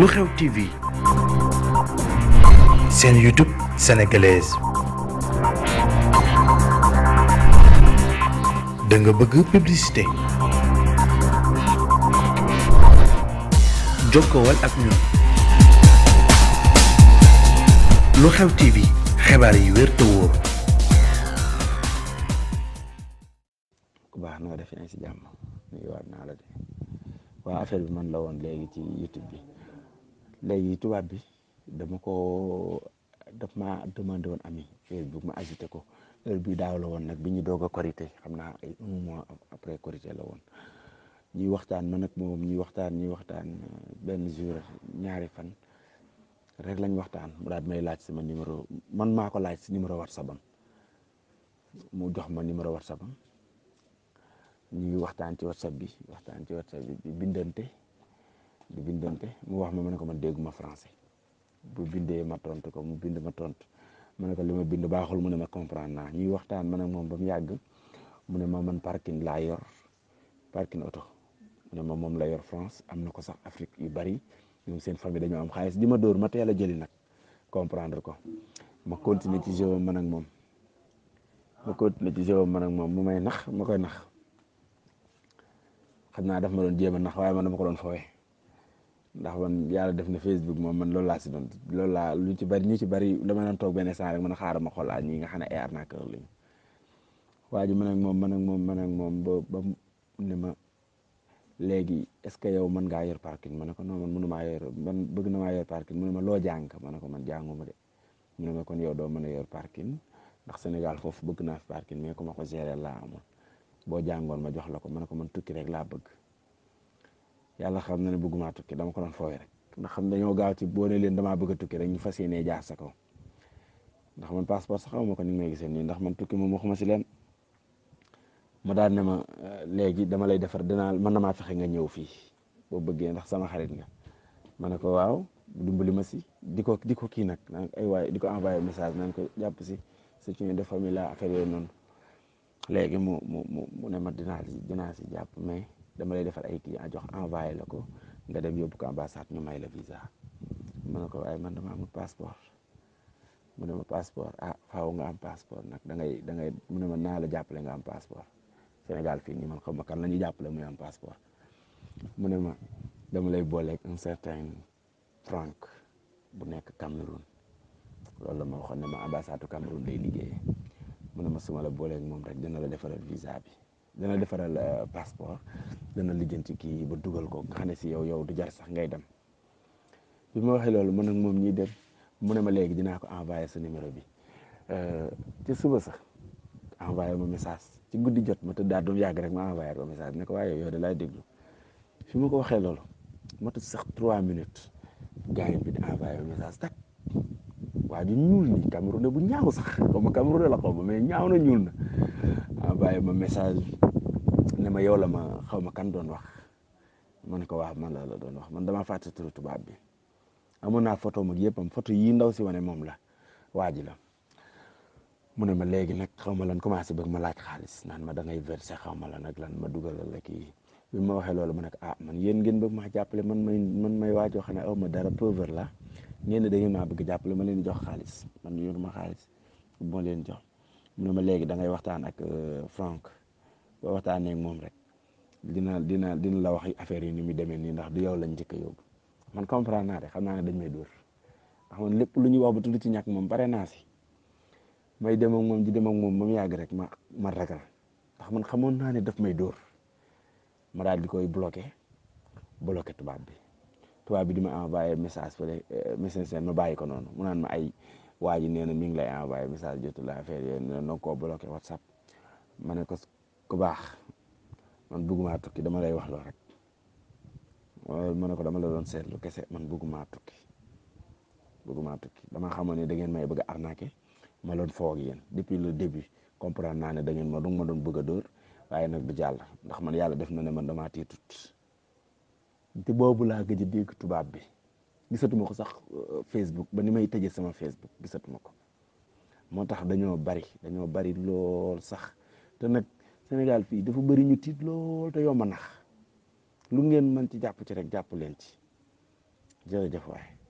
lu xew TV seen YouTube sénégalaise da nga bëgg publicité jokkowal ak ñun lu xew TV xibaar yi wér wóor. baax noo def yaa ngi si naa la de waa affaire bi man la woon léegi ci YouTube bi. léegi tubaab bi dama ko daf ma demandé woon ami Facebook ma agité ko heure bi daaw la woon nag bi ñu doog a korité xam naa ay un mois après korité la woon ñuy waxtaan ma nag moom ñuy waxtaan ñuy waxtaan euh, benn jour ñaari fan rek lañ waxtaan mu daal may laaj sama numéro man maa ko laaj si numéro war am mu jox ma numéro WhatsApp am ñuy waxtaan ci WhatsApp bi waxtaan ci WhatsApp bi bindante di bindante mu wax ma ma ne ko man dégguma français bu bindee ma tontu ko mu bind ma tontu ma ne ko li ma bindu baaxul mu ne ma comprendre naa ñuy waxtaan man ak moom ba yàgg mu ne ma man parking laa yor parking oto mu ma moom la yor France am na ko sax Afrique yu bari ñoom seen famille dañoo am xaalis di ma dóor ma teel a jëli nag comprendre ko ma continuer ci jeu man ak moom ma continuer ci jeu man ak moom mu may nax ma koy nax xam naa daf ma doon jéem nax waaye man dama ko doon fowee. ndax man yàlla def na Facebook moom man loolu laa si doon loolu laa lu ci bari ñu ci bari dama doon toog benn saa rek man xaaral ma xoolaat ñi nga xam ne ay arnaqueur lañu waa ji man ak moom man ak moom man ak moom ba ba ne ma léegi est-ce que yow mën ngaa yor parking ma ne ko non man mënu maa yor man bëgg na maa yor parking mu ne loo jàng ma ne ko man jànguma de mu ne ma kon yow doo mën yor parking ndax Sénégal foofu bëgg naa fi parking mais ku ma ko gérer laa amul boo jàngoon ma jox la ko ma ne ko man tukki rek laa bëgg. yàlla xam na ne bëggumaa tukki dama ko doon foowee rek ndax xam dañoo gaaw ti boo ne leen damaa bëgg tukki rek ñu fas yéenee jaar sa kaw ndax man passeport sax xaw ma ko ni may gisee nii ndax man tukki moom waxuma si leen ma daan ne ma eh, léegi dama lay defar dinaa mën na maa fexe nga ñëw fii boo bëggee ndax sama xarit nga ma ne ko waaw dimbali ma si di ko di ko kii nag naan ay waay di ko message naan ko jàpp si c'est une de famille la noonu léegi mu mu mu ne ma dinaa si dinaa si jàpp mais. dama lay defar ay client jox envoyé la ko nga dem yóbbu ko ambassade ñu may la visa ma ne ko ay man dama amul passeport mu ne ma passeport ah faaw nga am passeport nag da ngay da ngay mu ne ma naa la jàppale nga am passeport Sénégal fii nii man xam ma kan la ñuy jàppale muy am passeport mu ne ma dama lay booleeg un certain Franck bu nekk Cameroun loolu la ma waxoon ne ma ambassade du Cameroun day liggéeyee mu ne ma sumala ma moom rek dina la defaral visa bi. dana defaral euh, passeport dana lijjanti kii ba dugal ko nga xam ne si yow yow du jar sax ngay dem bi ma waxee loolu mën ak moom ñuy dem mu ne ma léegi dinaa ko envoyé sa numéro bi euh, ci suba sax envoyé ma message ci guddi jot ma tëddaat yàgg rek ma envoyé ko message waaye yow da laay déglu fi ma ko waxee loolu matul sax trois minutes gars bi di envoyé ma message tak waa ji ñuul nii Cameroun bu ñaaw sax xaw ma Cameroun la xaw ma ñaaw na ñuul na. bàyyi euh, ma message ne ma yow la ma xaw ma kan doon wax ne ko wax man la la doon wax man dama fàtte turu tubaab bi amoon naa photo mag yëpp am photo yii ndaw si wane moom la waa ji la mu ne ma léegi nag xaw ma lan commencé bëgg ma laaj xaalis naan ma da xaw ma lan lan ma dugalal la kii bi ma waxee loolu ma ne ah man yéen ngeen bëgg maa jàppale man may man may waajoo xam ne aw ma dara pauvre la ngeen da ngeen maa bëgg jàppale ma leen jox xaalis man ma xaalis moo leen jox. mu ne ma léegi da ngay waxtaan ak euh, Franck boo waxtaanee moom rek dina dina dina la wax affaire yi ni mu demee nii ndax du yow lañ njëkk a man comprendre naa de xam naa ne dañ may dóor ndax man lépp lu ñuy wax ba tudd ci ñàkk moom bare naa si may dem ak moom di moom mu yàgg rek ma ma ndax man xamoon naa ne daf may dóor ma daal di koy bloqué bloqué tubaab bi tubaab bi di ma envoyé message fële euh, message ma bàyyi ko noonu mu naan ma ay. waa ji nee na mi ngi lay envoyé message jotula affaire yooyu nee na koo bloqué whatsapp ma ne ko ku baax man bëgguma tukki dama lay wax loo rek ma ne ko dama la doon seetlu kese man bëgguma tukki bëgguma tukki dama xamoon ne da ngeen may bëgg a arnaqué ma doon foog yéen depuis le début comprendre naa ne da ma doon ma doon bëgg a dóor waaye nag du jàll ndax man yàlla def na ne man damaa tiitut te boobu laa gëj a dégg tubaab bi. gisatuma ko sax euh, Facebook ba ni may tëjee sama Facebook gisatuma ko moo tax dañoo bari dañoo bari lool sax te nag Sénégal fii dafa bari ñu tiit lool te yomb nax lu ngeen mën ci jàpp ci rek jàpp leen ci jërëjëf waay